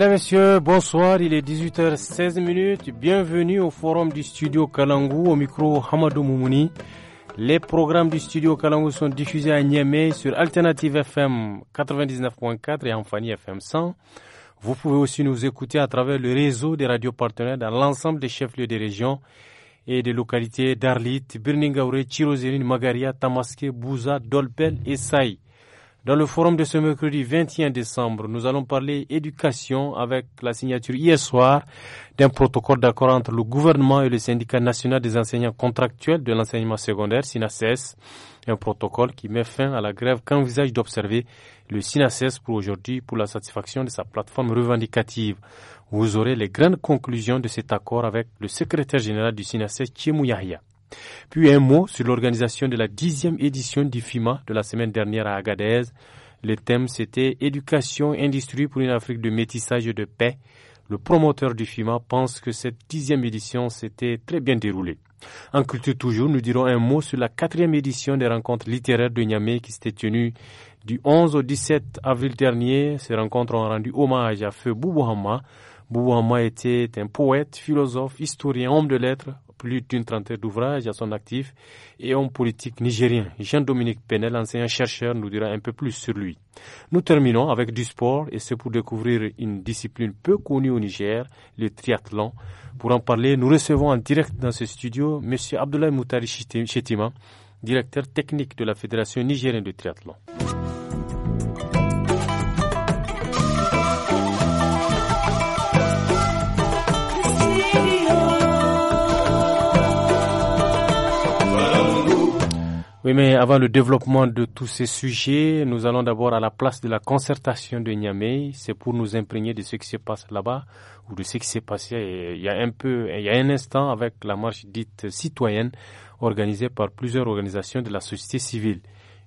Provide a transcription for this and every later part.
Mesdames, Messieurs, bonsoir. Il est 18h16. Bienvenue au forum du studio Kalangou. Au micro, Hamadou Moumouni. Les programmes du studio Kalangou sont diffusés à Niamey sur Alternative FM 99.4 et Amphani FM 100. Vous pouvez aussi nous écouter à travers le réseau des radios partenaires dans l'ensemble des chefs-lieux des régions et des localités d'Arlit, Birningaure, Chirozérine, Magaria, Tamaské, Bouza, Dolpel et Saï. Dans le forum de ce mercredi 21 décembre, nous allons parler éducation avec la signature hier soir d'un protocole d'accord entre le gouvernement et le syndicat national des enseignants contractuels de l'enseignement secondaire, SINACES, un protocole qui met fin à la grève qu'envisage d'observer le SINACES pour aujourd'hui pour la satisfaction de sa plateforme revendicative. Vous aurez les grandes conclusions de cet accord avec le secrétaire général du SINACES, Chimou Yahya. Puis un mot sur l'organisation de la dixième édition du FIMA de la semaine dernière à Agadez. Le thème c'était Éducation, industrie pour une Afrique de métissage et de paix. Le promoteur du FIMA pense que cette dixième édition s'était très bien déroulée. En culture toujours, nous dirons un mot sur la quatrième édition des rencontres littéraires de Niamey qui s'était tenue du 11 au 17 avril dernier. Ces rencontres ont rendu hommage à Feu Boubouhama. Boubouhama était un poète, philosophe, historien, homme de lettres, plus d'une trentaine d'ouvrages à son actif et homme politique nigérien. Jean-Dominique Penel, ancien chercheur nous dira un peu plus sur lui. Nous terminons avec du sport et c'est pour découvrir une discipline peu connue au Niger, le triathlon. Pour en parler, nous recevons en direct dans ce studio M. Abdoulaye Moutari Chetima, directeur technique de la Fédération nigérienne de triathlon. mais avant le développement de tous ces sujets, nous allons d'abord à la place de la concertation de Niamey. C'est pour nous imprégner de ce qui se passe là-bas ou de ce qui s'est passé il y a un peu, il y a un instant avec la marche dite citoyenne organisée par plusieurs organisations de la société civile.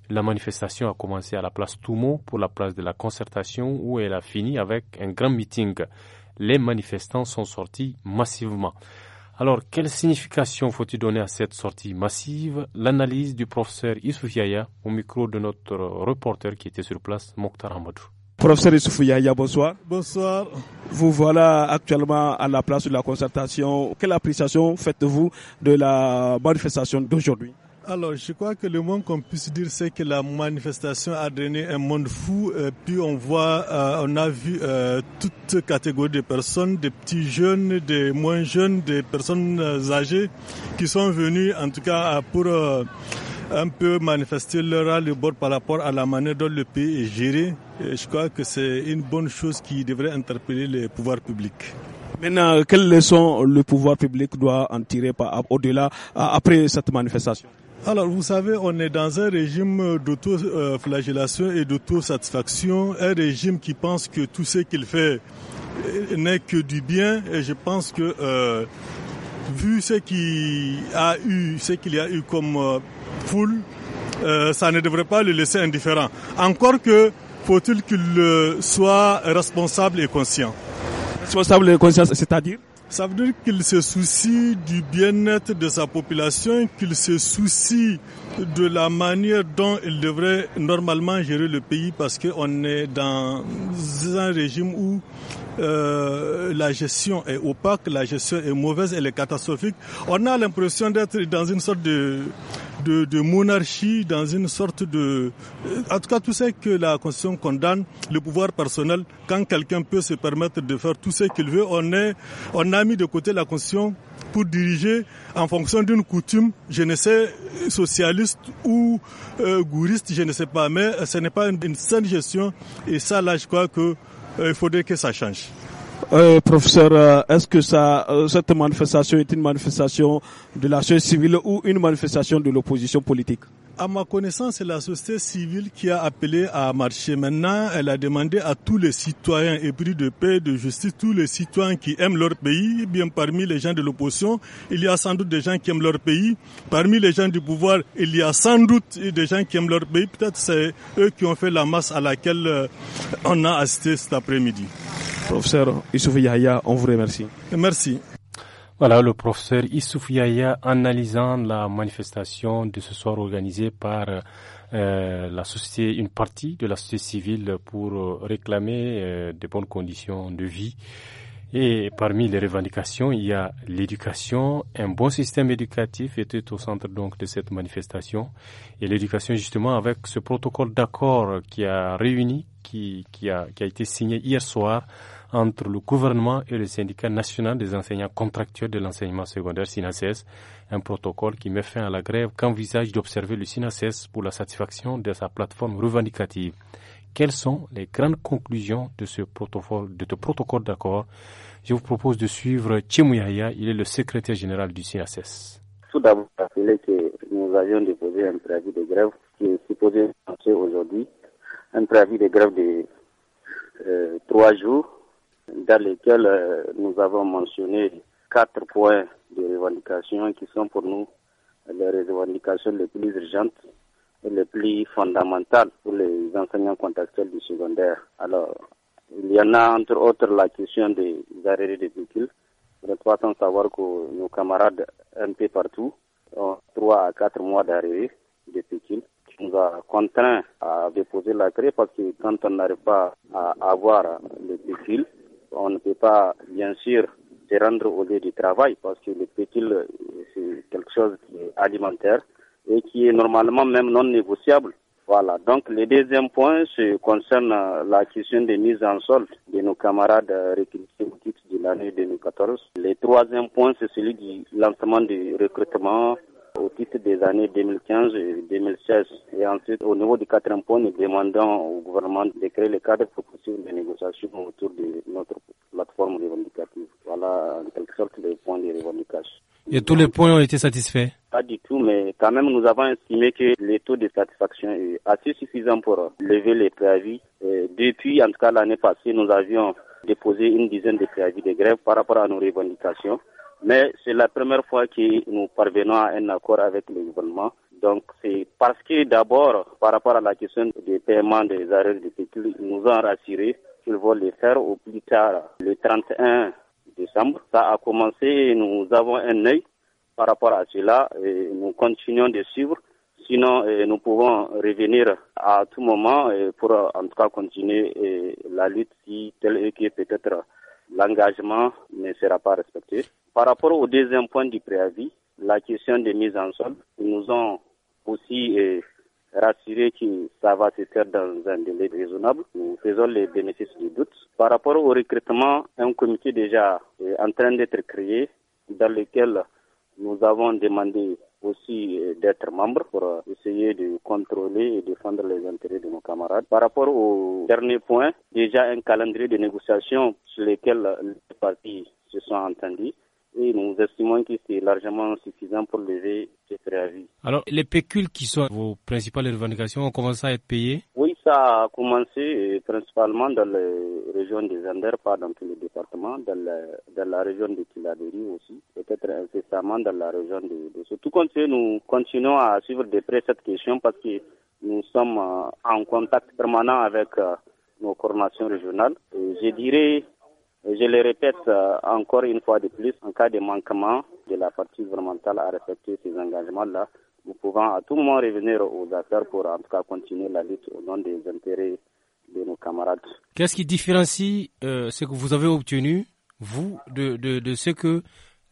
La manifestation a commencé à la place Toumo pour la place de la concertation où elle a fini avec un grand meeting. Les manifestants sont sortis massivement. Alors, quelle signification faut-il donner à cette sortie massive L'analyse du professeur Yaya au micro de notre reporter qui était sur place, Mokhtar Amadou. Professeur Yaya, bonsoir. Bonsoir. Vous voilà actuellement à la place de la concertation. Quelle appréciation faites-vous de la manifestation d'aujourd'hui alors, je crois que le moins qu'on puisse dire, c'est que la manifestation a donné un monde fou. Euh, puis on voit, euh, on a vu euh, toute catégorie de personnes, des petits jeunes, des moins jeunes, des personnes âgées, qui sont venues, en tout cas, pour un peu manifester leur le bord par rapport à la manière dont le pays est géré. je crois que c'est une bonne chose qui devrait interpeller les pouvoirs publics. Maintenant, quelles leçons le pouvoir public doit en tirer au-delà après cette manifestation alors, vous savez, on est dans un régime d'auto-flagellation et d'auto-satisfaction, un régime qui pense que tout ce qu'il fait n'est que du bien, et je pense que euh, vu ce qu'il a eu, ce qu'il y a eu comme euh, foule, euh, ça ne devrait pas le laisser indifférent. Encore que faut-il qu'il soit responsable et conscient. Responsable et conscient, c'est-à-dire ça veut dire qu'il se soucie du bien-être de sa population, qu'il se soucie de la manière dont il devrait normalement gérer le pays parce qu'on est dans un régime où euh, la gestion est opaque, la gestion est mauvaise, elle est catastrophique. On a l'impression d'être dans une sorte de, de, de, monarchie, dans une sorte de... Euh, en tout cas, tout ce que la Constitution condamne, le pouvoir personnel, quand quelqu'un peut se permettre de faire tout ce qu'il veut, on, est, on a mis de côté la Constitution pour diriger en fonction d'une coutume, je ne sais, socialiste ou euh, gouriste, je ne sais pas, mais ce n'est pas une, une saine gestion. Et ça, là, je crois que euh, il faudrait que ça change. Euh, professeur, euh, est-ce que ça, cette manifestation est une manifestation de la société civile ou une manifestation de l'opposition politique à ma connaissance, c'est la société civile qui a appelé à marcher. Maintenant, elle a demandé à tous les citoyens épris de paix, de justice, tous les citoyens qui aiment leur pays, bien parmi les gens de l'opposition, il y a sans doute des gens qui aiment leur pays. Parmi les gens du pouvoir, il y a sans doute des gens qui aiment leur pays. Peut-être c'est eux qui ont fait la masse à laquelle euh, on a assisté cet après-midi. Professeur Issouf Yahya, on vous remercie. Merci. Voilà le professeur Issouf Yaya analysant la manifestation de ce soir organisée par euh, la société, une partie de la société civile pour euh, réclamer euh, de bonnes conditions de vie. Et parmi les revendications, il y a l'éducation. Un bon système éducatif était au centre donc de cette manifestation. Et l'éducation, justement, avec ce protocole d'accord qui a réuni, qui, qui, a, qui a été signé hier soir entre le gouvernement et le syndicat national des enseignants contractuels de l'enseignement secondaire SINACES, un protocole qui met fin à la grève qu'envisage d'observer le SINACES pour la satisfaction de sa plateforme revendicative. Quelles sont les grandes conclusions de ce protocole, de ce protocole d'accord Je vous propose de suivre Yahya, il est le secrétaire général du SINACES. Tout d'abord, rappeler que nous avions déposé un préavis de grève qui est supposé aujourd'hui, un préavis de grève de euh, trois jours dans lesquels euh, nous avons mentionné quatre points de revendication qui sont pour nous les revendications les plus urgentes et les plus fondamentales pour les enseignants contractuels du secondaire. Alors, il y en a entre autres la question des arrêts de véhicules. Nous savoir que nos camarades un peu partout ont trois à quatre mois d'arrêt de véhicules qui nous a contraints à déposer la crée parce que quand on n'arrive pas à avoir les véhicule, on ne peut pas, bien sûr, se rendre au lieu du travail parce que le pétil, euh, c'est quelque chose qui est alimentaire et qui est normalement même non négociable. Voilà. Donc, le deuxième point se concerne euh, la question des mises en solde de nos camarades euh, recrutés au titre de l'année 2014. Le troisième point, c'est celui du lancement du recrutement au titre des années 2015 et 2016. Et ensuite, au niveau des quatre points, nous demandons au gouvernement de créer le cadre pour poursuivre les négociations autour de notre plateforme revendicative. Voilà, en quelque sorte, les points de revendication. Et tous les points ont été satisfaits Pas du tout, mais quand même, nous avons estimé que les taux de satisfaction est assez suffisant pour lever les préavis. depuis, en tout cas, l'année passée, nous avions déposé une dizaine de préavis de grève par rapport à nos revendications. Mais c'est la première fois que nous parvenons à un accord avec le gouvernement. Donc c'est parce que d'abord, par rapport à la question des paiements des arrêts de sécurité, nous ont rassurés qu'ils vont les faire au plus tard le 31 décembre. Ça a commencé et nous avons un œil par rapport à cela et nous continuons de suivre. Sinon, eh, nous pouvons revenir à tout moment eh, pour en tout cas continuer eh, la lutte si tel est peut-être l'engagement ne sera pas respecté. Par rapport au deuxième point du préavis, la question des mises en sol, ils nous ont aussi euh, rassuré que ça va se faire dans un délai raisonnable. Nous faisons les bénéfices du doute. Par rapport au recrutement, un comité déjà euh, en train d'être créé dans lequel nous avons demandé aussi euh, d'être membre pour essayer de contrôler et défendre les intérêts de nos camarades. Par rapport au dernier point, déjà un calendrier de négociation sur lequel les parties se sont entendues et nous estimons que c'est largement suffisant pour lever ces préavis. Alors, les pécules qui sont vos principales revendications ont commencé à être payées Oui, ça a commencé euh, principalement dans la région des Anders, pas dans tous le département, dans la, région de Tiladeri aussi, peut-être incessamment dans la région de, de Tout compte, nous continuons à suivre de près cette question parce que nous sommes euh, en contact permanent avec euh, nos formations régionales. je dirais je le répète euh, encore une fois de plus, en cas de manquement de la partie gouvernementale à respecter ces engagements-là, nous pouvons à tout moment revenir aux affaires pour en tout cas continuer la lutte au nom des intérêts de nos camarades. Qu'est-ce qui différencie euh, ce que vous avez obtenu, vous, de, ce que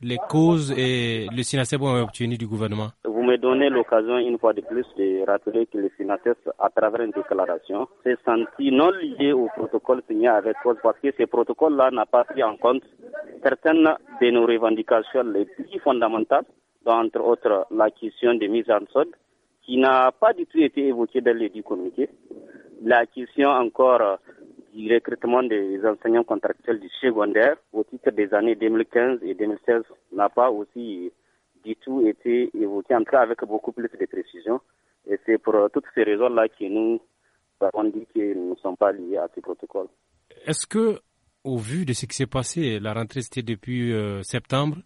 les causes et le SINASEB ont obtenu du gouvernement donner l'occasion une fois de plus de rappeler que les Finates, à travers une déclaration, s'est senti non lié au protocole signé avec Cause parce que ce protocole-là n'a pas pris en compte certaines de nos revendications les plus fondamentales, dont entre autres la question de mise en solde, qui n'a pas du tout été évoquée dans les dix communiqués, la question encore du recrutement des enseignants contractuels du secondaire au titre des années 2015 et 2016 n'a pas aussi du tout été évoqué, en tout cas avec beaucoup plus de précision. Et c'est pour euh, toutes ces raisons-là que nous avons dit que nous ne sommes pas liés à ce protocole. Est-ce que, au vu de ce qui s'est passé, la rentrée c'était depuis euh, septembre,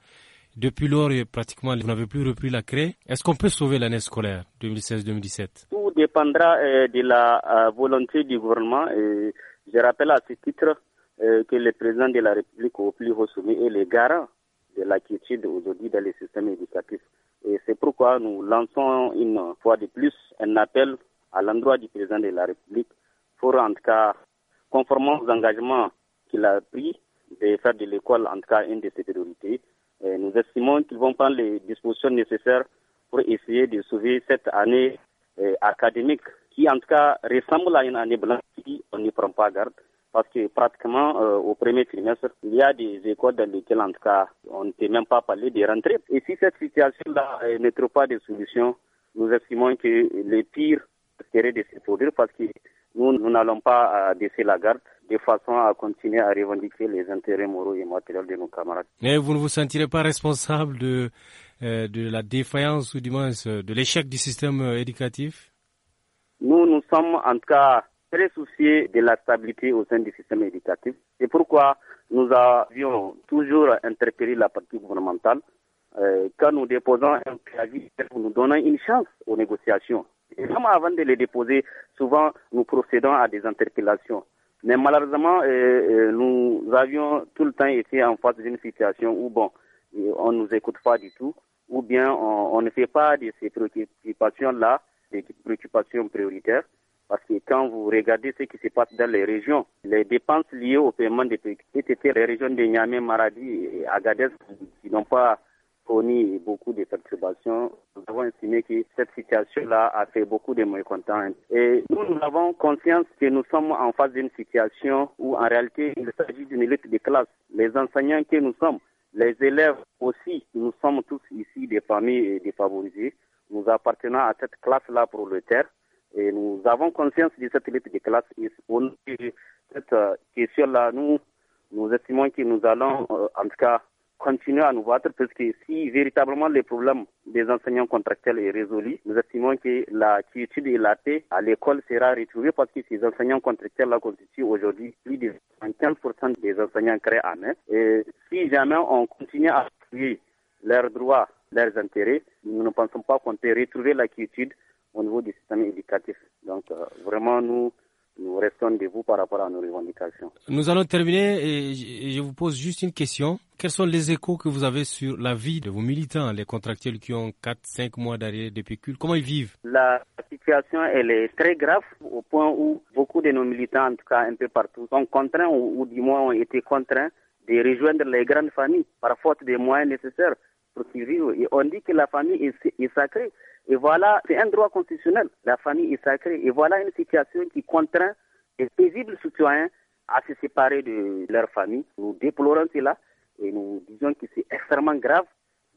depuis lors, euh, pratiquement, vous n'avez plus repris la craie. Est-ce qu'on peut sauver l'année scolaire 2016-2017 Tout dépendra de la volonté du gouvernement. Et je rappelle à ce titre que le président de la République au plus haut sommet est le garant de l'inquiétude aujourd'hui dans les systèmes éducatifs. Et c'est pourquoi nous lançons une fois de plus un appel à l'endroit du président de la République pour, en tout cas, conformément aux engagements qu'il a pris de faire de l'école, en tout cas, une de ses priorités. Et nous estimons qu'ils vont prendre les dispositions nécessaires pour essayer de sauver cette année euh, académique qui, en tout cas, ressemble à une année blanche si on n'y prend pas garde parce que pratiquement euh, au premier trimestre, il y a des écoles dans lesquelles, en tout cas, on ne peut même pas parler de rentrée. Et si cette situation-là ne trouve pas de solution, nous estimons que le pire serait de se produire parce que nous, n'allons pas euh, baisser la garde de façon à continuer à revendiquer les intérêts moraux et matériels de nos camarades. Mais vous ne vous sentirez pas responsable de, euh, de la défaillance ou du moins de l'échec du système éducatif Nous, nous sommes en tout cas très soucieux de la stabilité au sein du système éducatif. C'est pourquoi nous avions toujours interpellé la partie gouvernementale euh, quand nous déposons un préavis pour nous donner une chance aux négociations. Et même avant de les déposer, souvent nous procédons à des interpellations. Mais malheureusement, euh, euh, nous avions tout le temps été en face d'une situation où, bon, on ne nous écoute pas du tout, ou bien on, on ne fait pas de ces préoccupations-là des préoccupations prioritaires. Parce que quand vous regardez ce qui se passe dans les régions, les dépenses liées au paiement des PTT, les régions de Niamey, Maradi et Agadez qui n'ont pas fourni beaucoup de perturbations, nous avons estimé que cette situation-là a fait beaucoup de mécontents. Et nous, nous avons conscience que nous sommes en face d'une situation où en réalité il s'agit d'une lutte de classe. Les enseignants que nous sommes, les élèves aussi, nous sommes tous ici des familles défavorisées. Nous appartenons à cette classe-là prolétaire. Et nous avons conscience de cette lutte de classe. Et pour cette euh, question-là, nous, nous estimons que nous allons, euh, en tout cas, continuer à nous battre parce que si véritablement les problèmes des enseignants contractuels est résolu, nous estimons que la quiétude et la paix à l'école sera retrouvée parce que ces enseignants contractuels la constituent aujourd'hui plus de 25% des enseignants créés en main. Et si jamais on continue à appuyer leurs droits, leurs intérêts, nous ne pensons pas qu'on peut retrouver la quiétude au niveau du système éducatif. Donc, euh, vraiment, nous, nous restons debout par rapport à nos revendications. Nous allons terminer et je vous pose juste une question. Quels sont les échos que vous avez sur la vie de vos militants, les contractuels qui ont 4-5 mois d'arrêt de pécule Comment ils vivent La situation, elle est très grave au point où beaucoup de nos militants, en tout cas un peu partout, sont contraints ou, du moins ont été contraints de rejoindre les grandes familles par faute des moyens nécessaires pour qu'ils vivent. Et on dit que la famille est sacrée. Et voilà, c'est un droit constitutionnel. La famille est sacrée. Et voilà une situation qui contraint les paisibles citoyens à se séparer de leur famille. Nous déplorons cela et nous disons que c'est extrêmement grave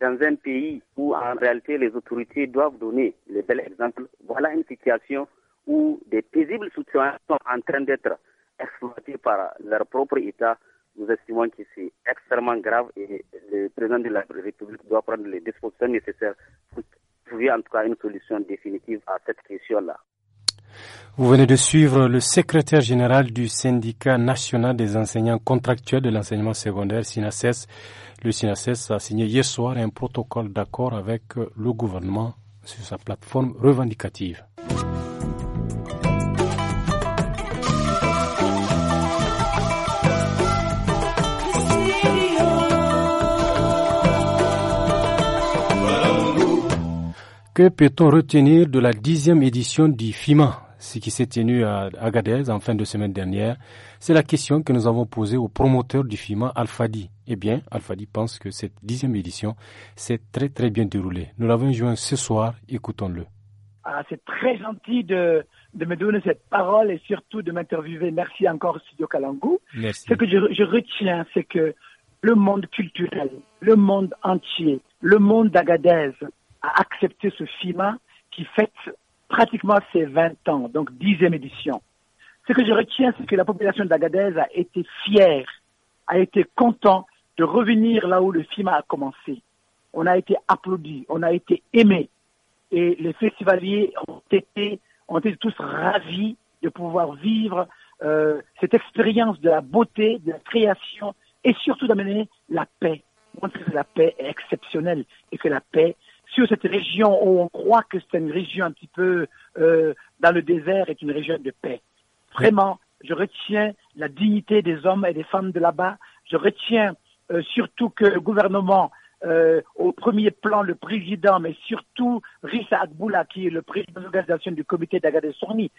dans un pays où en réalité les autorités doivent donner le bel exemple. Voilà une situation où des paisibles citoyens sont en train d'être exploités par leur propre État. Nous estimons que c'est extrêmement grave et le président de la République doit prendre les dispositions nécessaires pour en tout cas une solution définitive à cette question-là. Vous venez de suivre le secrétaire général du syndicat national des enseignants contractuels de l'enseignement secondaire, SINACES. Le SINACES a signé hier soir un protocole d'accord avec le gouvernement sur sa plateforme revendicative. que peut-on retenir de la dixième édition du FIMA, ce qui s'est tenu à Agadez en fin de semaine dernière C'est la question que nous avons posée au promoteur du FIMA, Alfadi. Eh bien, Alfadi pense que cette dixième édition s'est très très bien déroulée. Nous l'avons joint ce soir, écoutons-le. Ah, c'est très gentil de, de, me donner cette parole et surtout de m'interviewer. Merci encore Studio Kalangu. Ce que je, je retiens, c'est que le monde culturel, le monde entier, le monde d'Agadez, a accepté ce FIMA qui fête pratiquement ses 20 ans, donc 10e édition. Ce que je retiens, c'est que la population d'Agadez a été fière, a été content de revenir là où le FIMA a commencé. On a été applaudi, on a été aimé. Et les festivaliers ont été, ont été tous ravis de pouvoir vivre euh, cette expérience de la beauté, de la création et surtout d'amener la paix. Montrer que la paix est exceptionnelle et que la paix sur cette région où on croit que c'est une région un petit peu euh, dans le désert est une région de paix. Vraiment, je retiens la dignité des hommes et des femmes de là-bas. Je retiens euh, surtout que le gouvernement, euh, au premier plan le président, mais surtout Rissa Akboula, qui est le président de l'organisation du comité d'Agadez Sorni,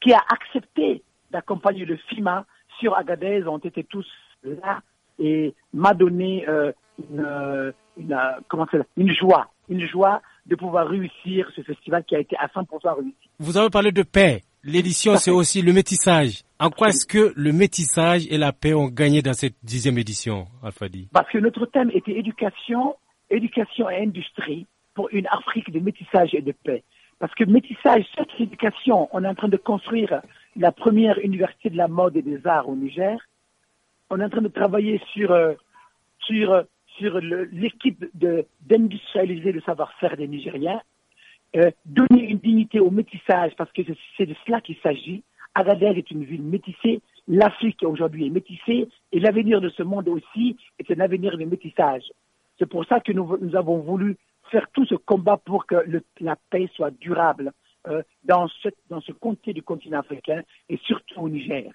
qui a accepté d'accompagner le FIMA sur Agadez, ont été tous là et m'a donné une, une, comment une joie une joie de pouvoir réussir ce festival qui a été à 100% réussi. Vous avez parlé de paix. L'édition, c'est aussi le métissage. En quoi est-ce que le métissage et la paix ont gagné dans cette dixième édition, Alfadi Parce que notre thème était éducation, éducation et industrie pour une Afrique de métissage et de paix. Parce que métissage, cette éducation, on est en train de construire la première université de la mode et des arts au Niger. On est en train de travailler sur, euh, sur euh, sur l'équipe d'industrialiser le savoir-faire des Nigériens, euh, donner une dignité au métissage, parce que c'est de cela qu'il s'agit. Agadez est une ville métissée, l'Afrique aujourd'hui est métissée, et l'avenir de ce monde aussi est un avenir de métissage. C'est pour ça que nous, avons voulu faire tout ce combat pour que la paix soit durable euh, dans, ce, dans ce comté du continent africain et surtout au Niger.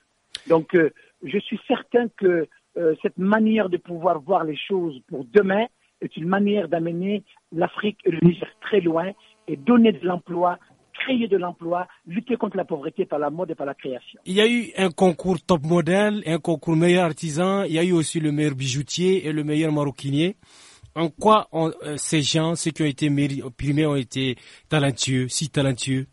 Donc euh, je suis certain que euh, cette manière de pouvoir voir les choses pour demain est une manière d'amener l'Afrique et le Niger très loin et donner de l'emploi, créer de l'emploi, lutter contre la pauvreté par la mode et par la création. Il y a eu un concours top modèle, un concours meilleur artisan, il y a eu aussi le meilleur bijoutier et le meilleur maroquinier. En quoi euh, ces gens, ceux qui ont été primés, ont été talentueux, si talentueux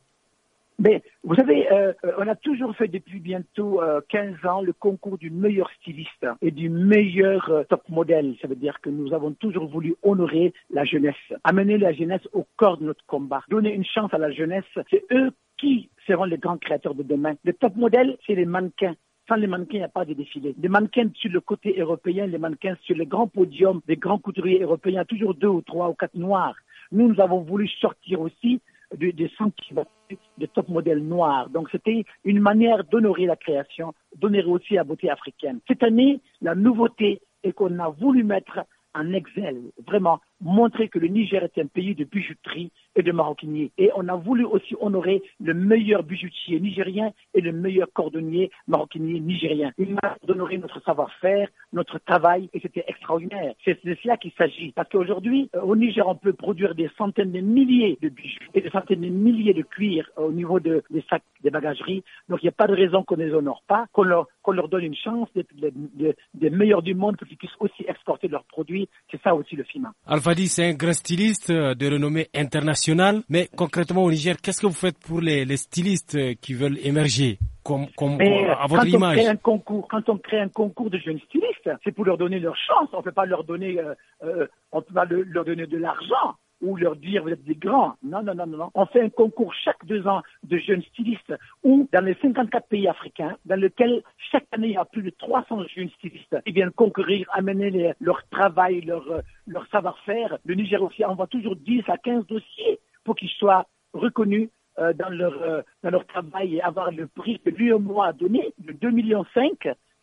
mais vous savez, euh, on a toujours fait depuis bientôt euh, 15 ans le concours du meilleur styliste et du meilleur euh, top modèle. Ça veut dire que nous avons toujours voulu honorer la jeunesse, amener la jeunesse au corps de notre combat, donner une chance à la jeunesse. C'est eux qui seront les grands créateurs de demain. Le top modèle, c'est les mannequins. Sans les mannequins, il n'y a pas de défilé. Les mannequins sur le côté européen, les mannequins sur les grands podiums des grands couturiers européens, toujours deux ou trois ou quatre noirs. Nous, nous avons voulu sortir aussi des de top modèle noirs. Donc c'était une manière d'honorer la création, d'honorer aussi la beauté africaine. Cette année, la nouveauté est qu'on a voulu mettre en exil, vraiment montrer que le Niger est un pays de bijouterie, et de maroquiniers. Et on a voulu aussi honorer le meilleur bijoutier nigérien et le meilleur cordonnier maroquinier nigérien. Il m'a honoré notre savoir-faire, notre travail, et c'était extraordinaire. C'est de cela qu'il s'agit. Parce qu'aujourd'hui, euh, au Niger, on peut produire des centaines de milliers de bijoux et des centaines de milliers de cuirs euh, au niveau de, des sacs des bagageries. Donc il n'y a pas de raison qu'on ne les honore pas, qu'on leur, donne une chance d'être les, meilleurs du monde pour qu'ils puissent aussi exporter leurs produits. C'est ça aussi le FIMA. Alfadi, c'est un grand styliste euh, de renommée internationale mais concrètement au Niger, qu'est-ce que vous faites pour les, stylistes euh, qui veulent émerger comme, comme, euh, à votre quand image. un concours, quand on crée un concours de jeunes stylistes, c'est pour leur donner leur chance. On ne pas leur donner, peut pas leur donner euh, de l'argent ou leur dire vous êtes des grands. Non, non, non, non, On fait un concours chaque deux ans de jeunes stylistes ou dans les 54 pays africains dans lesquels chaque année il y a plus de 300 jeunes stylistes qui viennent concourir, amener leur travail, leur, euh, leur savoir-faire. Le Niger aussi envoie toujours 10 à 15 dossiers pour qu'ils soient reconnus euh, dans, leur, euh, dans leur travail et avoir le prix que l'UMO a donné, de 2,5 millions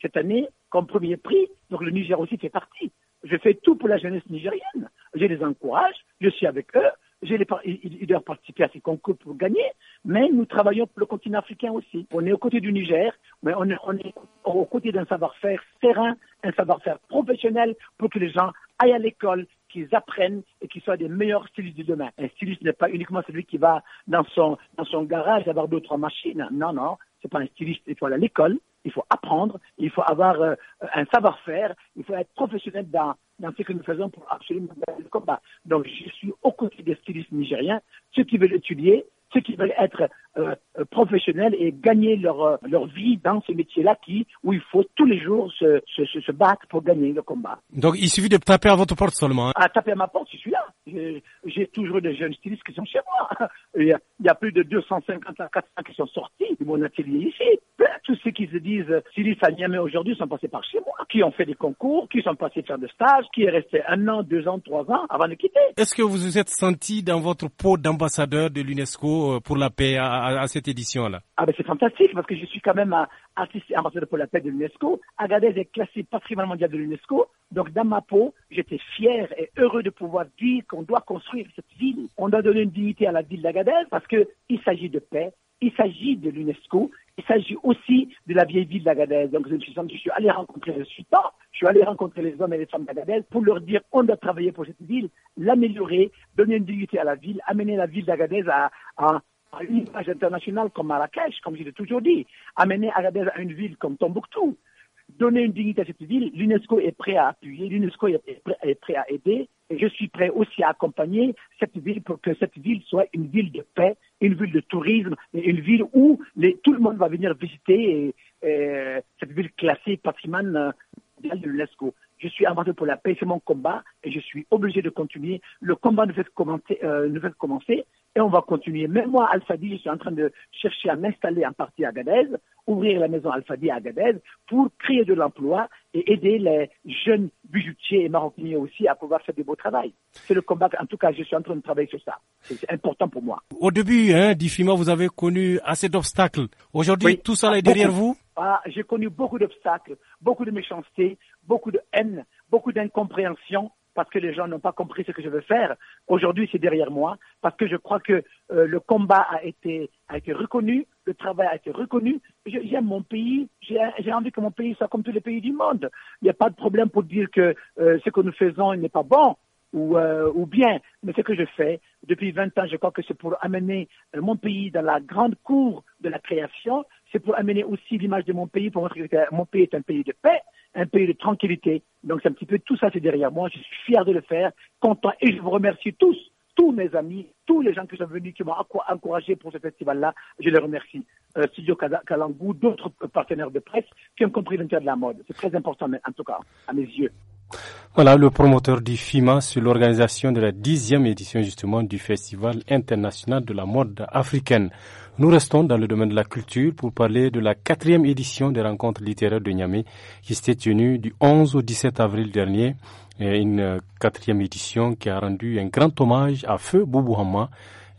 cette année, comme premier prix. Donc le Niger aussi fait partie je fais tout pour la jeunesse nigérienne. Je les encourage, je suis avec eux, je les par... ils doivent participer à ces concours pour gagner, mais nous travaillons pour le continent africain aussi. On est aux côtés du Niger, mais on est, on est aux côtés d'un savoir-faire serein, un savoir-faire professionnel pour que les gens aillent à l'école, qu'ils apprennent et qu'ils soient des meilleurs stylistes du demain. Un styliste n'est pas uniquement celui qui va dans son, dans son garage avoir deux trois machines. Non, non, c'est pas un styliste étoile à l'école il faut apprendre, il faut avoir euh, un savoir-faire, il faut être professionnel dans, dans ce que nous faisons pour absolument le combat. Donc je suis au côtés des stylistes nigériens, ceux qui veulent étudier, ceux qui veulent être euh, professionnels et gagner leur, euh, leur vie dans ce métier-là qui, où il faut tous les jours se, se, battre pour gagner le combat. Donc il suffit de taper à votre porte seulement. Hein. À taper à ma porte, je suis là. J'ai toujours des jeunes stylistes qui sont chez moi. Il y a, plus de 250 à 400 qui sont sortis de mon atelier ici. Tous ceux qui se disent euh, stylistes à Niamey aujourd'hui sont passés par chez moi, qui ont fait des concours, qui sont passés faire des stages, qui est resté un an, deux ans, trois ans avant de quitter. Est-ce que vous vous êtes senti dans votre peau d'ambassadeur de l'UNESCO pour la paix à à, cette édition-là Ah ben c'est fantastique parce que je suis quand même artiste et ambassadeur pour la paix de l'UNESCO. Agadez est classé patrimoine mondial de l'UNESCO. Donc dans ma peau, j'étais fier et heureux de pouvoir dire qu'on doit construire cette ville. On doit donner une dignité à la ville d'Agadez parce qu'il s'agit de paix, il s'agit de l'UNESCO, il s'agit aussi de la vieille ville d'Agadez. Donc, je suis, je suis allé rencontrer le sultan, je suis allé rencontrer les hommes et les femmes d'Agadez pour leur dire on doit travailler pour cette ville, l'améliorer, donner une dignité à la ville, amener la ville d'Agadez à, à une image internationale comme Marrakech, comme je l'ai toujours dit, amener Agadez à une ville comme Tombouctou, donner une dignité à cette ville, l'UNESCO est prêt à appuyer, l'UNESCO est, prêt à aider, et je suis prêt aussi à accompagner cette ville pour que cette ville soit une ville de paix, une ville de tourisme, une ville où tout le monde va venir visiter cette ville classée patrimoine euh, de l'UNESCO je suis avancé pour la paix, c'est mon combat et je suis obligé de continuer. Le combat ne fait commencer, euh, commencer et on va continuer. Même moi, Al-Fadi, je suis en train de chercher à m'installer en partie à Gadez, ouvrir la maison Al-Fadi à Gadez pour créer de l'emploi et aider les jeunes bijoutiers et maroquiniers aussi à pouvoir faire du beau travail. C'est le combat, en tout cas, je suis en train de travailler sur ça. C'est important pour moi. Au début hein, d'IFIMA, vous avez connu assez d'obstacles. Aujourd'hui, tout ça est derrière ah, vous ah, J'ai connu beaucoup d'obstacles, beaucoup de méchanceté, beaucoup de haine, beaucoup d'incompréhension parce que les gens n'ont pas compris ce que je veux faire. Aujourd'hui, c'est derrière moi parce que je crois que euh, le combat a été, reconnu, le travail a été reconnu. J'aime mon pays, j'ai envie que mon pays soit comme tous les pays du monde. Il n'y a pas de problème pour dire que euh, ce que nous faisons n'est pas bon. Ou, euh, ou, bien, mais ce que je fais depuis 20 ans, je crois que c'est pour amener mon pays dans la grande cour de la création, c'est pour amener aussi l'image de mon pays, pour montrer que mon pays est un pays de paix, un pays de tranquillité. Donc c'est un petit peu tout ça, c'est derrière moi. Je suis fier de le faire, content. Et je vous remercie tous, tous mes amis, tous les gens qui sont venus, qui m'ont encouragé pour ce festival-là. Je les remercie. Euh, Studio Kalangou, d'autres euh, partenaires de presse qui ont compris l'intérêt de la mode. C'est très important, en tout cas, à mes yeux. Voilà, le promoteur du FIMA sur l'organisation de la dixième édition justement du Festival international de la mode africaine. Nous restons dans le domaine de la culture pour parler de la quatrième édition des rencontres littéraires de Niamey qui s'était tenue du 11 au 17 avril dernier. une euh, quatrième édition qui a rendu un grand hommage à Feu Boubouhama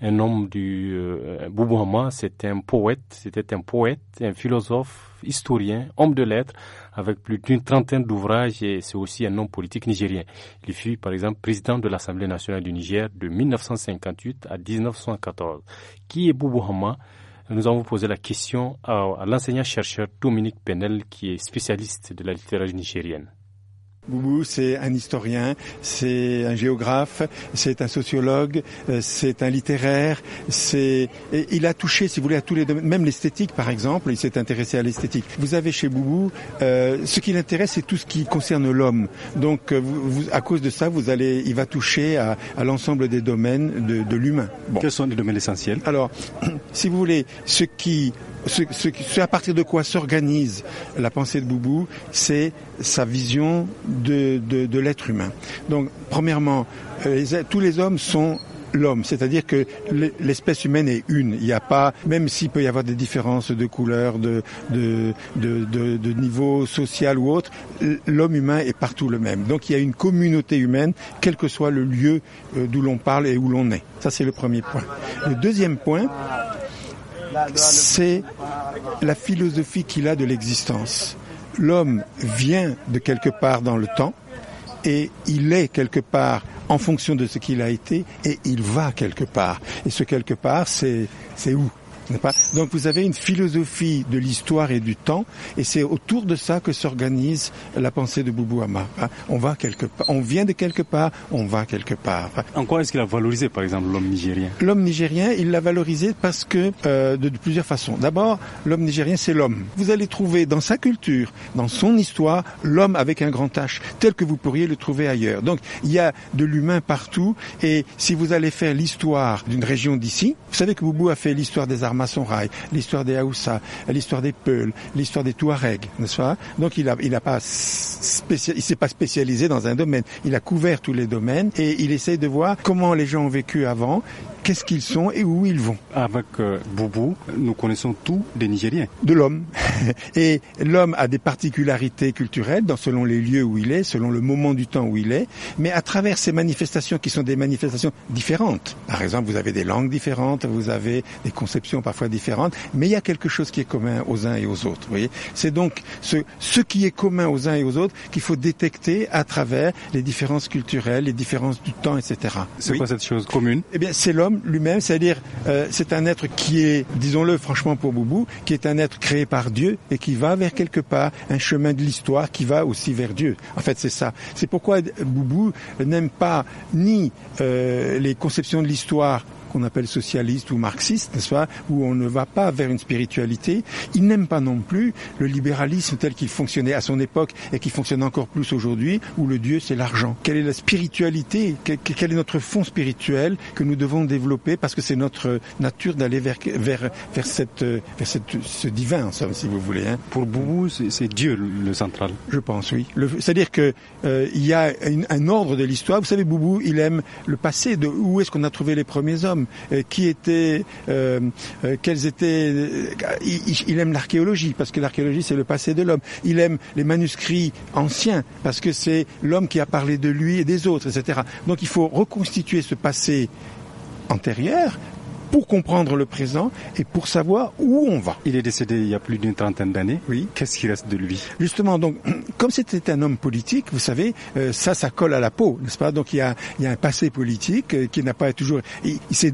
un homme du euh, Hama, c'est un poète, c'était un poète, un philosophe, historien, homme de lettres, avec plus d'une trentaine d'ouvrages et c'est aussi un homme politique nigérien. Il fut par exemple président de l'Assemblée nationale du Niger de 1958 à 1914. Qui est Hama nous avons posé la question à, à l'enseignant-chercheur Dominique Penel, qui est spécialiste de la littérature nigérienne. Boubou, c'est un historien, c'est un géographe, c'est un sociologue, euh, c'est un littéraire, c'est il a touché, si vous voulez, à tous les domaines, même l'esthétique par exemple, il s'est intéressé à l'esthétique. Vous avez chez Boubou, euh, ce qui l'intéresse, c'est tout ce qui concerne l'homme. Donc, euh, vous, à cause de ça, vous allez, il va toucher à, à l'ensemble des domaines de, de l'humain. Quels sont les domaines essentiels Alors, si vous voulez, ce qui ce, ce, ce, à partir de quoi s'organise la pensée de Boubou, c'est sa vision de, de, de l'être humain. Donc, premièrement, euh, tous les hommes sont l'homme, c'est-à-dire que l'espèce humaine est une. Il n'y a pas, même s'il peut y avoir des différences de couleur, de, de, de, de niveau social ou autre, l'homme humain est partout le même. Donc il y a une communauté humaine, quel que soit le lieu euh, d'où l'on parle et où l'on est. Ça c'est le premier point. Le deuxième point, c'est la philosophie qu'il a de l'existence. L'homme vient de quelque part dans le temps et il est quelque part en fonction de ce qu'il a été et il va quelque part. Et ce quelque part, c'est où donc vous avez une philosophie de l'histoire et du temps, et c'est autour de ça que s'organise la pensée de Boubouama. Hein. On va quelque part, on vient de quelque part, on va quelque part. En quoi est-ce qu'il a valorisé, par exemple, l'homme nigérien L'homme nigérien, il l'a valorisé parce que euh, de, plusieurs façons. D'abord, l'homme nigérien, c'est l'homme. Vous allez trouver dans sa culture, dans son histoire, l'homme avec un grand H, tel que vous pourriez le trouver ailleurs. Donc il y a de l'humain partout, et si vous allez faire l'histoire d'une région d'ici, vous savez que Boubou a fait l'histoire des armes son rail l'histoire des Haoussa, l'histoire des Peuls, l'histoire des Touaregs, n'est-ce pas Donc il a, pas s'est pas spécialisé dans un domaine. Il a couvert tous les domaines et il essaye de voir comment les gens ont vécu avant, qu'est-ce qu'ils sont et où ils vont. Avec euh, Boubou, nous connaissons tous des Nigériens. De l'homme. Et l'homme a des particularités culturelles dans, selon les lieux où il est, selon le moment du temps où il est, mais à travers ces manifestations qui sont des manifestations différentes. Par exemple, vous avez des langues différentes, vous avez des conceptions parfois différentes, mais il y a quelque chose qui est commun aux uns et aux autres. Vous voyez C'est donc ce, ce qui est commun aux uns et aux autres qu'il faut détecter à travers les différences culturelles, les différences du temps, etc. C'est quoi cette chose commune Eh bien, c'est l'homme lui-même, c'est-à-dire euh, c'est un être qui est, disons-le franchement pour Boubou, qui est un être créé par Dieu et qui va vers quelque part, un chemin de l'histoire qui va aussi vers Dieu. En fait, c'est ça. C'est pourquoi Boubou n'aime pas ni euh, les conceptions de l'histoire qu'on appelle socialiste ou marxiste, n'est-ce pas, où on ne va pas vers une spiritualité. Il n'aime pas non plus le libéralisme tel qu'il fonctionnait à son époque et qui fonctionne encore plus aujourd'hui, où le Dieu c'est l'argent. Quelle est la spiritualité Quel est notre fond spirituel que nous devons développer parce que c'est notre nature d'aller vers vers vers cette vers cette ce divin en somme, si vous voulez. Hein. Pour Boubou, c'est Dieu le central. Je pense, oui. C'est-à-dire que euh, il y a un ordre de l'histoire. Vous savez, Boubou, il aime le passé, de où est-ce qu'on a trouvé les premiers hommes. Euh, qui était euh, euh, étaient. Il, aime l'archéologie parce que l'archéologie c'est le passé de l'homme. Il aime les manuscrits anciens parce que c'est l'homme qui a parlé de lui et des autres, etc. Donc il faut reconstituer ce passé antérieur pour comprendre le présent et pour savoir où on va. Il est décédé il y a plus d'une trentaine d'années. Oui. Qu'est-ce qui reste de lui Justement, donc, comme c'était un homme politique, vous savez, euh, ça, ça colle à la peau, n'est-ce pas Donc, il y, a, il y a un passé politique euh, qui n'a pas toujours. Il, s'est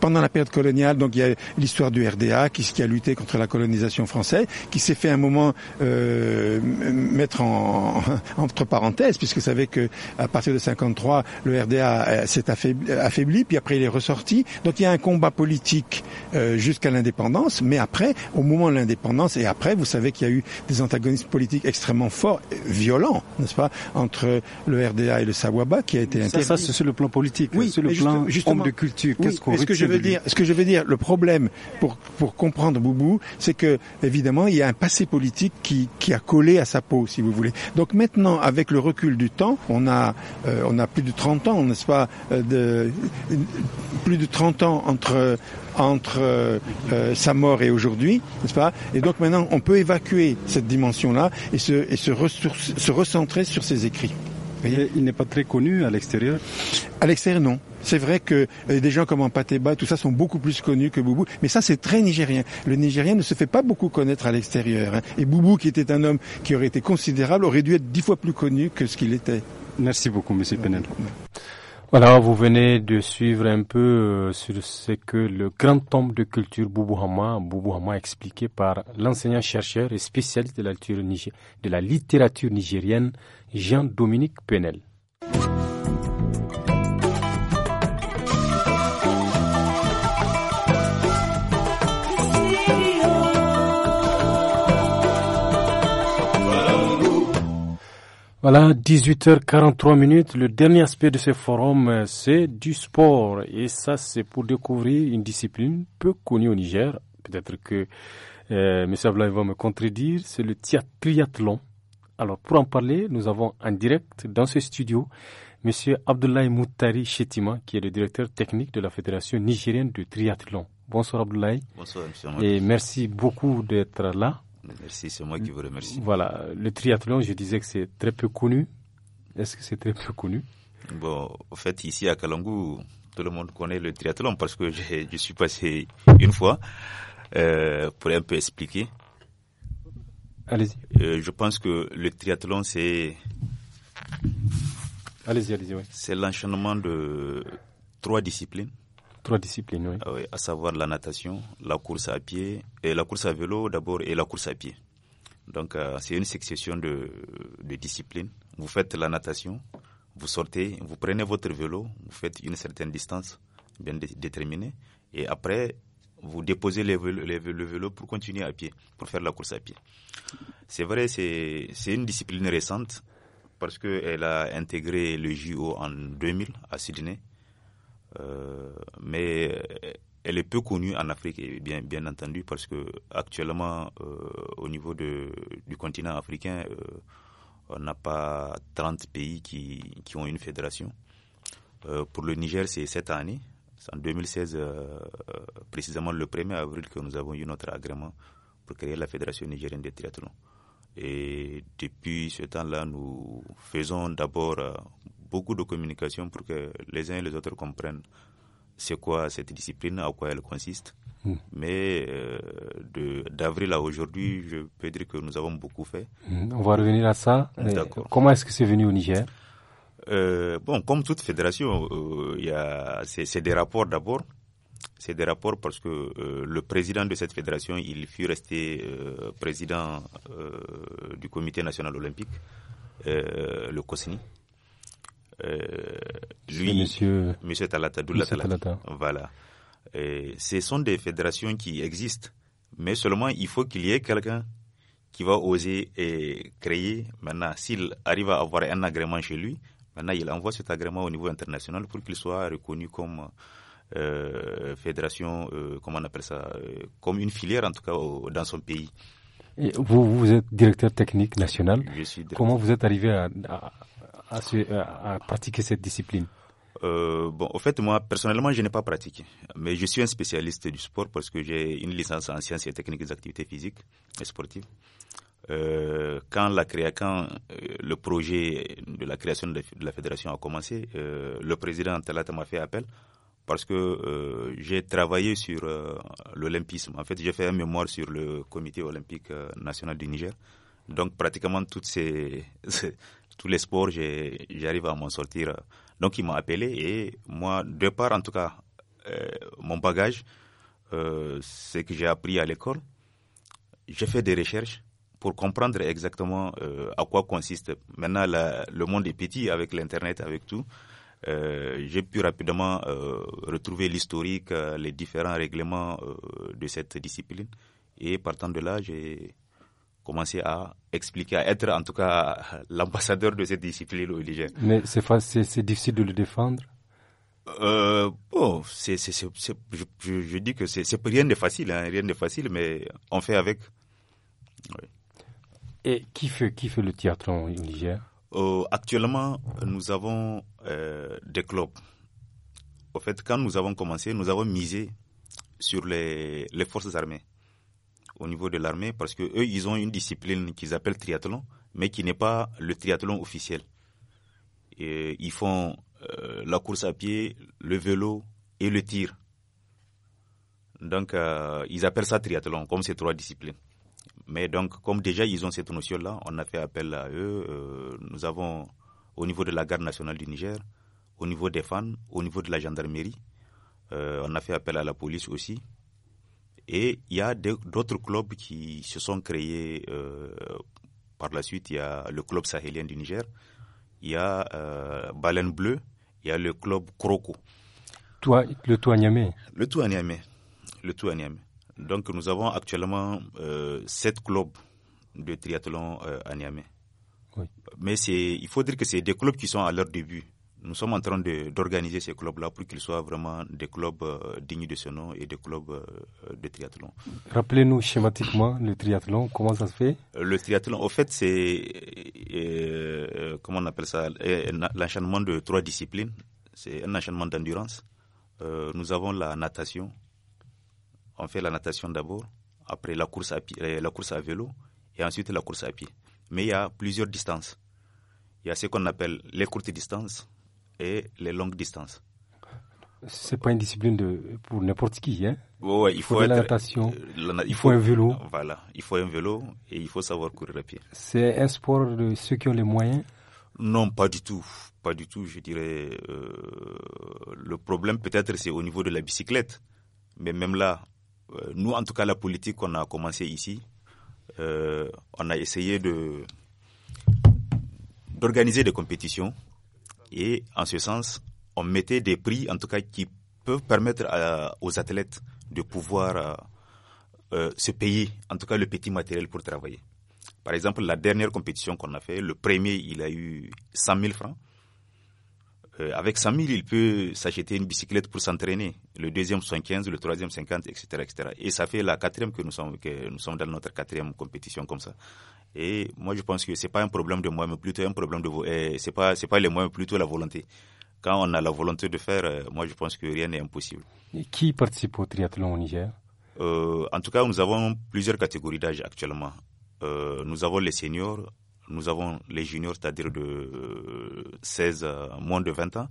Pendant la période coloniale, donc, il y a l'histoire du RDA qui, qui, a lutté contre la colonisation française, qui s'est fait un moment euh, mettre en, entre parenthèses, puisque vous savez que à partir de 53, le RDA euh, s'est affaibli, puis après il est ressorti. Donc, il y a un combat politique euh, jusqu'à l'indépendance, mais après, au moment de l'indépendance et après, vous savez qu'il y a eu des antagonismes politiques extrêmement forts, euh, violents, n'est-ce pas, entre le RDA et le Sawaba qui a été interdit. Ça, ça c'est le plan politique, oui, c'est le plan homme de culture. Qu'est-ce qu'on ce que je veux dire Ce que je veux dire, le problème pour pour comprendre Boubou, c'est que évidemment, il y a un passé politique qui qui a collé à sa peau, si vous voulez. Donc maintenant, avec le recul du temps, on a euh, on a plus de 30 ans, n'est-ce pas, de plus de 30 ans entre euh, entre, euh, euh, sa mort et aujourd'hui, n'est-ce pas Et donc maintenant, on peut évacuer cette dimension-là et, se, se, recentrer sur ses écrits. il n'est pas très connu à l'extérieur À l'extérieur, non. C'est vrai que des gens comme et tout ça, sont beaucoup plus connus que Boubou. Mais ça, c'est très nigérien. Le Nigérien ne se fait pas beaucoup connaître à l'extérieur. Hein. Et Boubou, qui était un homme qui aurait été considérable, aurait dû être dix fois plus connu que ce qu'il était. Merci beaucoup, Monsieur Penel. Voilà, vous venez de suivre un peu euh, sur ce que le grand tombe de culture Boubouhama, Hama, expliqué par l'enseignant-chercheur et spécialiste de la, de la littérature nigérienne Jean-Dominique Penel. Voilà, 18h43 minutes. Le dernier aspect de ce forum, euh, c'est du sport. Et ça, c'est pour découvrir une discipline peu connue au Niger. Peut-être que euh, M. Ablaï va me contredire. C'est le triathlon. Alors, pour en parler, nous avons en direct dans ce studio M. Abdoulaye Moutari Chetima, qui est le directeur technique de la Fédération nigérienne de triathlon. Bonsoir Abdoulaye. Bonsoir M. Et merci beaucoup d'être là. Merci, c'est moi qui vous remercie. Voilà, le triathlon, je disais que c'est très peu connu. Est-ce que c'est très peu connu Bon, en fait, ici à Kalangou, tout le monde connaît le triathlon parce que je, suis passé une fois euh, pour un peu expliquer. Allez-y. Euh, je pense que le triathlon, c'est. Allez-y, allez-y, C'est l'enchaînement de trois disciplines Trois disciplines, ah oui. À savoir la natation, la course à pied, et la course à vélo d'abord et la course à pied. Donc, euh, c'est une succession de, de, disciplines. Vous faites la natation, vous sortez, vous prenez votre vélo, vous faites une certaine distance bien déterminée, et après, vous déposez le le vélo, pour continuer à pied, pour faire la course à pied. C'est vrai, c'est une discipline récente parce qu'elle a intégré le JO en 2000 à Sydney. Euh, mais euh, elle est peu connue en Afrique, bien, bien entendu, parce que actuellement, euh, au niveau de, du continent africain, on n'a pas 30 pays qui, qui ont une fédération. pour le Niger, c'est cette année, c'est en 2016, précisément le 1er avril, que nous avons eu notre agrément pour créer la Fédération nigérienne des Triathlons. Et depuis ce temps-là, nous faisons d'abord beaucoup de communication pour que les uns et les autres comprennent c'est quoi cette discipline, à quoi elle consiste. Hmm. Mais euh, d'avril à aujourd'hui, je peux dire que nous avons beaucoup fait. Hmm. On va revenir à ça. Comment est-ce que c'est venu au Niger euh, Bon, comme toute fédération, euh, c'est des rapports d'abord. C'est des rapports parce que le président de cette fédération, il fut resté président du comité national olympique, le COSNI euh, lui, Monsieur, monsieur Talata, Talata. Voilà. Et ce sont des fédérations qui existent, mais seulement il faut qu'il y ait quelqu'un qui va oser et eh, créer. Maintenant, s'il arrive à avoir un agrément chez lui, maintenant il envoie cet agrément au niveau international pour qu'il soit reconnu comme euh, fédération, euh, comment on appelle ça, euh, comme une filière en tout cas dans son pays. Et vous, vous êtes directeur technique national. Je suis Comment vous êtes arrivé à euh, à, pratiquer cette discipline euh, bon, en fait, moi, personnellement, je n'ai pas pratiqué. Mais je suis un spécialiste du sport parce que j'ai une licence en sciences et techniques des activités physiques et sportives. Euh, quand, la créa, quand euh, le projet de la création de la fédération a commencé, le président Talat m'a fait appel parce que j'ai travaillé sur l'olympisme. En fait, j'ai fait un mémoire sur le comité olympique national du Niger. Donc, pratiquement toutes ces, tous les sports, j'arrive à m'en sortir. Donc, ils m'ont appelé et moi, de part, en tout cas, euh, mon bagage, euh, ce que j'ai appris à l'école, j'ai fait des recherches pour comprendre exactement euh, à quoi consiste. Maintenant, le monde est petit avec l'Internet, avec tout. Euh, j'ai pu rapidement retrouver l'historique, les différents règlements de cette discipline. Et partant de là, j'ai commencer à expliquer, à être en tout cas l'ambassadeur de cette discipline au Mais c'est difficile de le défendre euh, bon, c'est, je, dis que c'est, rien de facile, hein, rien de facile, mais on fait avec. Et qui fait, qui fait le théâtre au Niger euh, Actuellement, nous avons euh, des clubs. Au fait, quand nous avons commencé, nous avons misé sur les forces armées au niveau de l'armée parce que eux, ils ont une discipline qu'ils appellent triathlon, mais qui n'est pas le triathlon officiel. Et ils font euh, la course à pied, le vélo et le tir. Donc, euh, ils appellent ça triathlon, comme ces trois disciplines. Mais donc, comme déjà ils ont cette notion-là, on a fait appel à eux. Euh, nous avons, au niveau de la garde nationale du Niger, au niveau des fans, au niveau de la gendarmerie, on a fait appel à la police aussi et il y a d'autres clubs qui se sont créés euh, par la suite. Il y a le club sahélien du Niger, il y a euh, Baleine Bleue, il y a le club Croco. Toi, le Niamey Le tout Le Niamey. Donc nous avons actuellement euh, sept clubs de triathlon à Niamey. Oui. Mais il faut dire que c'est des clubs qui sont à leur début nous sommes en train d'organiser ces clubs-là pour qu'ils soient vraiment des clubs euh, dignes de ce nom et des clubs euh, de triathlon. Rappelez-nous schématiquement le triathlon, comment ça se fait euh, Le triathlon, au fait, c'est, comment on appelle ça, l'enchaînement de trois disciplines. C'est un enchaînement d'endurance. nous avons la natation. On fait la natation d'abord, après la course, à la course à vélo et ensuite la course à pied. Mais il y a plusieurs distances. Il y a ce qu'on appelle les courtes distances, et les longues distances. C'est pas une discipline de, pour n'importe qui, hein il, faut, de euh, il, faut, un vélo. Voilà, il faut un vélo et il faut savoir courir à pied. C'est un sport de ceux qui ont les moyens Non, pas du tout, pas du tout. Je dirais euh, le problème peut-être c'est au niveau de la bicyclette, mais même là, euh, nous en tout cas la politique on a commencé ici, on a essayé de d'organiser des compétitions et en ce sens, on mettait des prix, en tout cas, qui peuvent permettre aux athlètes de pouvoir euh, euh, se payer, en tout cas, le petit matériel pour travailler. Par exemple, la dernière compétition qu'on a fait, le premier, il a eu 100 000 francs. Euh, avec 100 000, il peut s'acheter une bicyclette pour s'entraîner. Le deuxième, 115, le troisième, 50, etc., etc. Et ça fait la quatrième que nous sommes, que nous sommes dans notre quatrième compétition comme ça. Et moi, je pense que c'est pas un problème de moi, mais plutôt un problème de vous. Euh, c'est pas, c'est pas les moyens, plutôt la volonté. Quand on a la volonté de faire, euh, moi, je pense que rien n'est impossible. Et qui participe au triathlon au Niger euh, En tout cas, nous avons plusieurs catégories d'âge actuellement. nous avons les seniors, nous avons les juniors, c'est-à-dire de 16 à moins de 20 ans.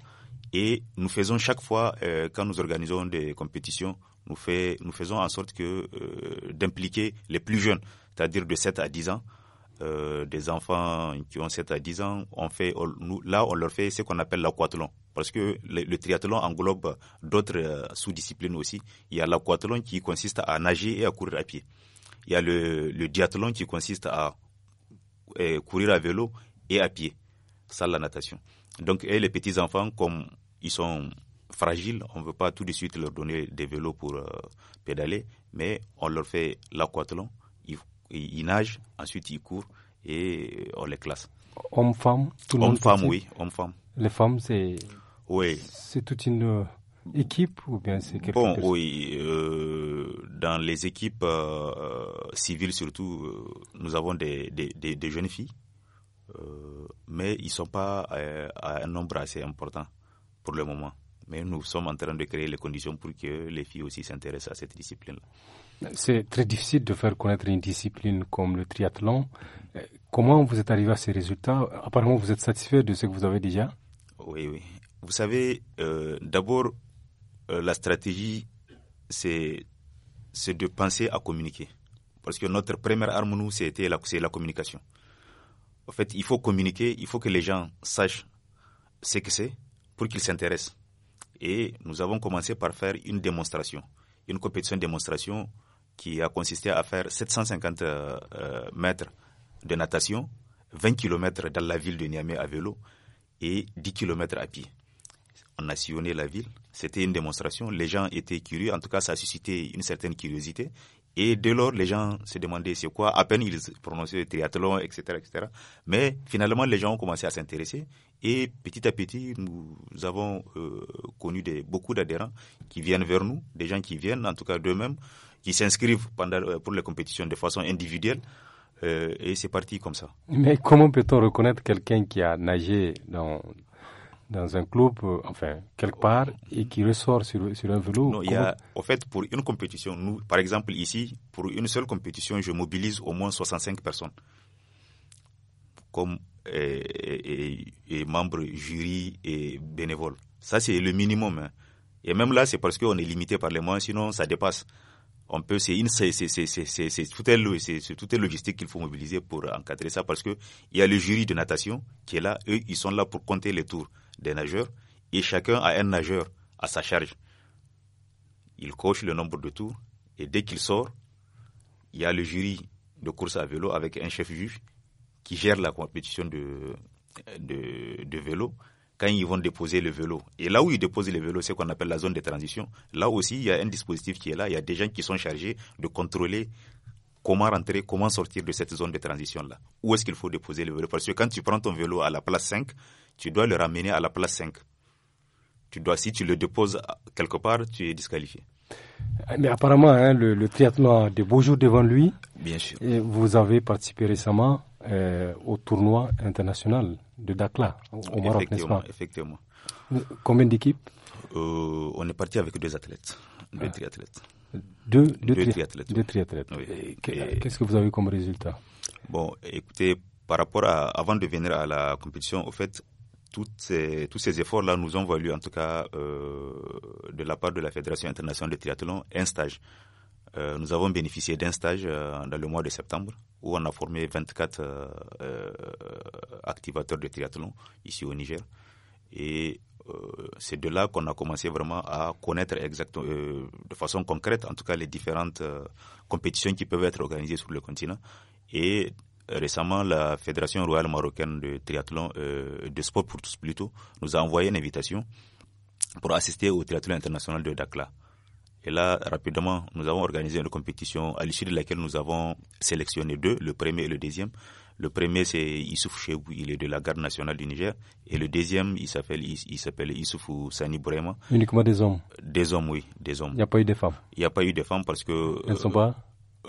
Et nous faisons chaque fois, quand nous organisons des compétitions, nous, fait, nous faisons en sorte que d'impliquer les plus jeunes, c'est-à-dire de 7 à 10 ans, euh, des enfants qui ont 7 à 10 ans, on fait, nous, là, on leur fait ce qu'on appelle l'aquathlon. Parce que le, triathlon englobe d'autres euh, sous-disciplines aussi. Il y a l'aquathlon qui consiste à nager et à courir à pied. Il y a le, le diathlon qui consiste à euh, courir à vélo et à pied. Ça, la natation. Donc, et les petits-enfants, comme ils sont fragiles, on ne veut pas tout de suite leur donner des vélos pour pédaler, mais on leur fait l'aquathlon ils nagent, ensuite ils courent et euh, on les classe. Hommes-femmes Hommes, femmes, oui. Les femmes, c'est. Oui. C'est toute une euh, équipe ou bien c'est quelque oui. Euh, dans les équipes civiles, surtout, nous avons des, des jeunes filles, mais ils ne sont pas à un nombre assez important pour le moment. Mais nous sommes en train de créer les conditions pour que les filles aussi s'intéressent à cette discipline-là. C'est très difficile de faire connaître une discipline comme le triathlon. Euh, comment vous êtes arrivé à ces résultats Apparemment, vous êtes satisfait de ce que vous avez déjà Oui, oui. Vous savez, euh, d'abord, euh, la stratégie, c'est de penser à communiquer. Parce que notre première arme, nous, c'était la, la communication. En fait, il faut communiquer, il faut que les gens sachent ce que c'est pour qu'ils s'intéressent. Et nous avons commencé par faire une démonstration, une compétition de démonstration qui a consisté à faire 750 euh, euh, mètres de natation, 20 km dans la ville de Niamey à vélo et 10 km à pied. On a sillonné la ville, c'était une démonstration, les gens étaient curieux, en tout cas ça a suscité une certaine curiosité et dès lors, les gens se demandaient c'est quoi. À peine ils prononçaient le triathlon, etc., etc. Mais finalement, les gens ont commencé à s'intéresser. Et petit à petit, nous avons euh, connu des, beaucoup d'adhérents qui viennent vers nous, des gens qui viennent, en tout cas d'eux-mêmes, qui s'inscrivent pendant, euh, pour les compétitions de façon individuelle. Euh, et c'est parti comme ça. Mais comment peut-on reconnaître quelqu'un qui a nagé dans dans un club, euh, enfin, quelque part, et qui ressort sur, sur un vélo. Non, il y a, au fait, pour une compétition, nous, par exemple, ici, pour une seule compétition, je mobilise au moins 65 personnes. Comme membres jury et bénévoles. Ça, c'est le minimum. Hein. Et même là, c'est parce qu'on est limité par les moyens, sinon ça dépasse. On peut, c'est une, c'est, c'est, c'est, tout toute logistique qu'il faut mobiliser pour encadrer ça parce que il y a le jury de natation qui est là. Eux, ils sont là pour compter les tours des nageurs et chacun a un nageur à sa charge. Il coche le nombre de tours et dès qu'il sort, il y a le jury de course à vélo avec un chef juge qui gère la compétition de, de, vélo quand ils vont déposer le vélo. Et là où ils déposent le vélo, c'est ce qu'on appelle la zone de transition. Là aussi, il y a un dispositif qui est là. Il y a des gens qui sont chargés de contrôler comment rentrer, comment sortir de cette zone de transition-là. Où est-ce qu'il faut déposer le vélo Parce que quand tu prends ton vélo à la place 5, tu dois le ramener à la place 5. Tu dois, si tu le déposes quelque part, tu es disqualifié. Mais apparemment, hein, le, triathlon a de beaux jours devant lui. Bien sûr. vous avez participé récemment euh, au tournoi international de Dakla, au Effectivement. Combien d'équipes euh, On est parti avec deux athlètes, deux ah. triathlètes. Deux, triathlètes. Deux triathlètes. Qu'est-ce que vous avez comme résultat Bon, écoutez, par rapport à, avant de venir à la compétition, au fait, tous ces efforts-là nous ont valu, en tout cas, euh, de la part de la Fédération internationale de triathlon, un stage. Euh, nous avons bénéficié d'un stage euh, dans le mois de septembre où on a formé 24 activateurs de triathlon ici au Niger. Et c'est de là qu'on a commencé vraiment à connaître de façon concrète, en tout cas, les différentes compétitions qui peuvent être organisées sur le continent. Et euh, récemment, la Fédération royale marocaine de triathlon, euh, de sport pour tous plutôt, nous a envoyé une invitation pour assister au triathlon international de Dakla. Et là, rapidement, nous avons organisé une compétition à l'issue de laquelle nous avons sélectionné deux, le premier et le deuxième. Le premier, c'est Issouf Chebou, il est de la garde nationale du Niger. Et le deuxième, il s'appelle, il, s'appelle Sani Burema. Uniquement des hommes Des hommes, oui, des hommes. Il n'y a pas eu de femmes Il n'y a pas eu de femmes parce que... Elles ne sont pas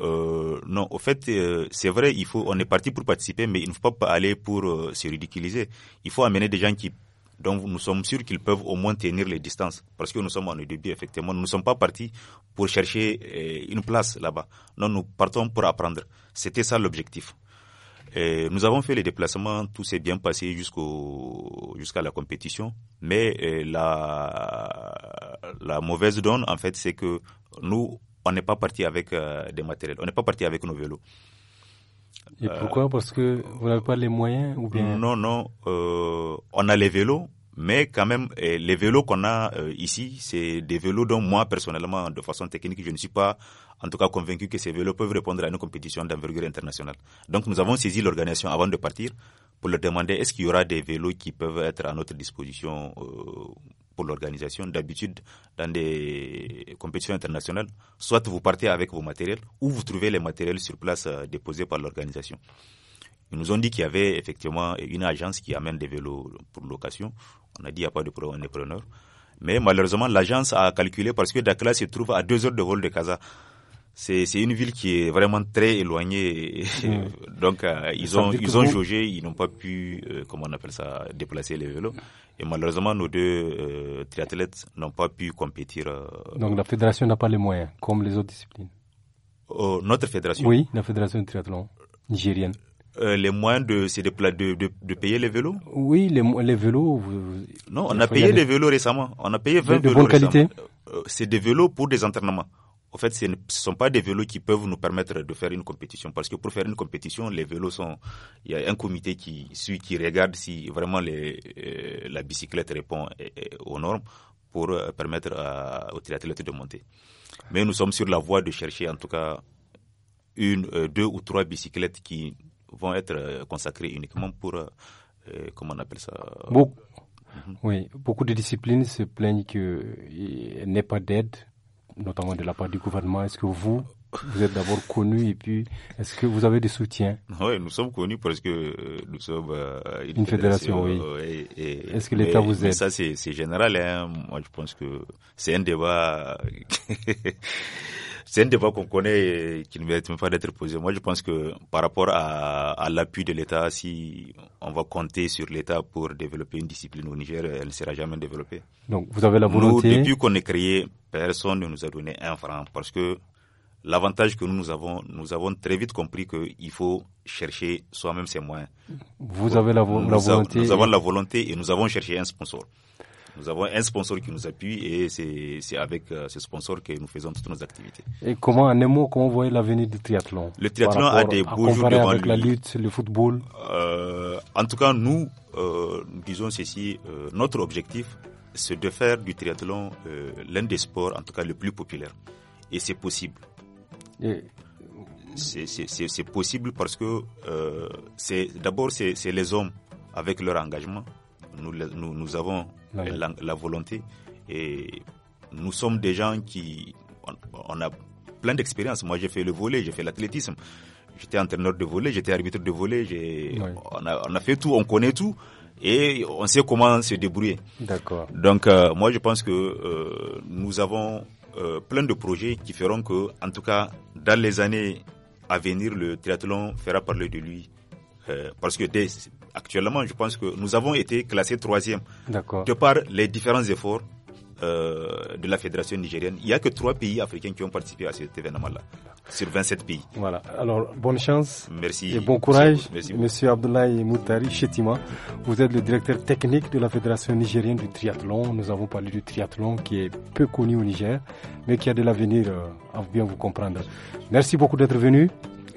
euh, non, au fait, euh, c'est vrai, il faut, on est parti pour participer, mais il ne faut pas aller pour euh, se ridiculiser. Il faut amener des gens qui, dont nous sommes sûrs qu'ils peuvent au moins tenir les distances, parce que nous sommes en début, effectivement. Nous ne sommes pas partis pour chercher une place là-bas. Non, nous partons pour apprendre. C'était ça l'objectif. nous avons fait les déplacements, tout s'est bien passé jusqu'au jusqu'à la compétition, mais la mauvaise donne en fait, c'est que nous on n'est pas parti avec euh, des matériels, on n'est pas parti avec nos vélos. Et pourquoi Parce que vous n'avez pas les moyens ou bien Non, non, euh, on a les vélos, mais quand même, eh, les vélos qu'on a euh, ici, c'est des vélos dont moi, personnellement, de façon technique, je ne suis pas en tout cas convaincu que ces vélos peuvent répondre à une compétition d'envergure internationale. Donc nous avons saisi l'organisation avant de partir pour leur demander est-ce qu'il y aura des vélos qui peuvent être à notre disposition pour l'organisation, d'habitude dans des compétitions internationales, soit vous partez avec vos matériels ou vous trouvez les matériels sur place euh, déposés par l'organisation. Ils nous ont dit qu'il y avait effectivement une agence qui amène des vélos pour location. On a dit qu'il n'y a pas de preneur. Mais malheureusement, l'agence a calculé parce que Dakla se trouve à deux heures de vol de Casa c'est une ville qui est vraiment très éloignée. Mm. Donc, euh, ils, ont, ils ont jaugé, ils n'ont pas pu, euh, comment on appelle ça, déplacer les vélos. Et malheureusement, nos deux euh, triathlètes n'ont pas pu compétir. Donc, la fédération n'a pas les moyens, comme les autres disciplines oh, Notre fédération Oui, la fédération de triathlon nigérienne. les moyens de, de, de, payer les vélos Oui, les, vélos. non, on a payé les vélos récemment. On a payé 20 de bonne qualité C'est des vélos pour des entraînements en fait, ce ne sont pas des vélos qui peuvent nous permettre de faire une compétition. Parce que pour faire une compétition, les vélos sont. Il y a un comité qui suit, qui regarde si vraiment euh, la bicyclette répond euh, euh, aux normes pour permettre aux athlètes de monter. Mais nous sommes sur la voie de chercher en tout cas une, deux ou trois bicyclettes qui vont être consacrées uniquement pour, comment on appelle ça mhm. Oui, beaucoup de disciplines se plaignent qu'il n'y ait pas d'aide notamment de la part du gouvernement Est-ce que vous, vous êtes d'abord connu et puis est-ce que vous avez des soutiens Oui, nous sommes connus parce que euh, nous sommes euh, une, fédération, oui. Euh, est-ce que l'État vous aide Ça, c'est général. Hein. Moi, je pense que c'est un débat. c'est un débat qu'on connaît et qui ne mérite même pas d'être posé. Moi, je pense que par rapport à, l'appui de l'État, si on va compter sur l'État pour développer une discipline au Niger, elle ne sera jamais développée. Donc, vous avez la volonté. depuis qu'on est créé, personne ne nous a donné un franc parce que l'avantage que nous, nous avons, nous avons très vite compris qu'il faut chercher soi-même ses moyens. Vous avez la, volonté. nous avons la volonté et nous avons cherché un sponsor. Nous avons un sponsor qui nous appuie et c'est avec euh, ce sponsor que nous faisons toutes nos activités. Et comment, en un mot, comment vous l'avenir du triathlon Le triathlon a des beaux jours devant avec la lutte, le football euh, En tout cas, nous, euh, disons ceci, euh, notre objectif, c'est de faire du triathlon l'un des sports, en tout cas le plus populaire. Et c'est possible. Et c'est possible parce que euh, d'abord c'est les hommes avec leur engagement. Nous, nous, nous avons euh, la, volonté. Et nous sommes des gens qui. On, a plein d'expériences. Moi, j'ai fait le volet, j'ai fait l'athlétisme. J'étais entraîneur de volet, j'étais arbitre de volet. j'ai On, a, on, a, fait tout, on connaît tout. Et on sait comment se débrouiller. D'accord. Donc, euh, moi, je pense que euh, nous avons plein de projets qui feront que, en tout cas, dans les années à venir, le triathlon fera parler de lui. parce que dès, actuellement, je pense que nous avons été classés troisième de par les différents efforts euh, de la Fédération nigérienne. Il n'y a que trois pays africains qui ont participé à cet événement-là, sur 27 pays. Voilà. Alors, bonne chance. Et bon courage, Merci Monsieur Abdoulaye Moutari Chetima. Vous êtes le directeur technique de la Fédération nigérienne du triathlon. Nous avons parlé du triathlon qui est peu connu au Niger, mais qui a de l'avenir, euh, à bien vous comprendre. Merci beaucoup d'être venu.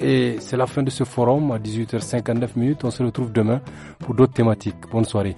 Et c'est la fin de ce forum à 18h59 minutes. On se retrouve demain pour d'autres thématiques. Bonne soirée.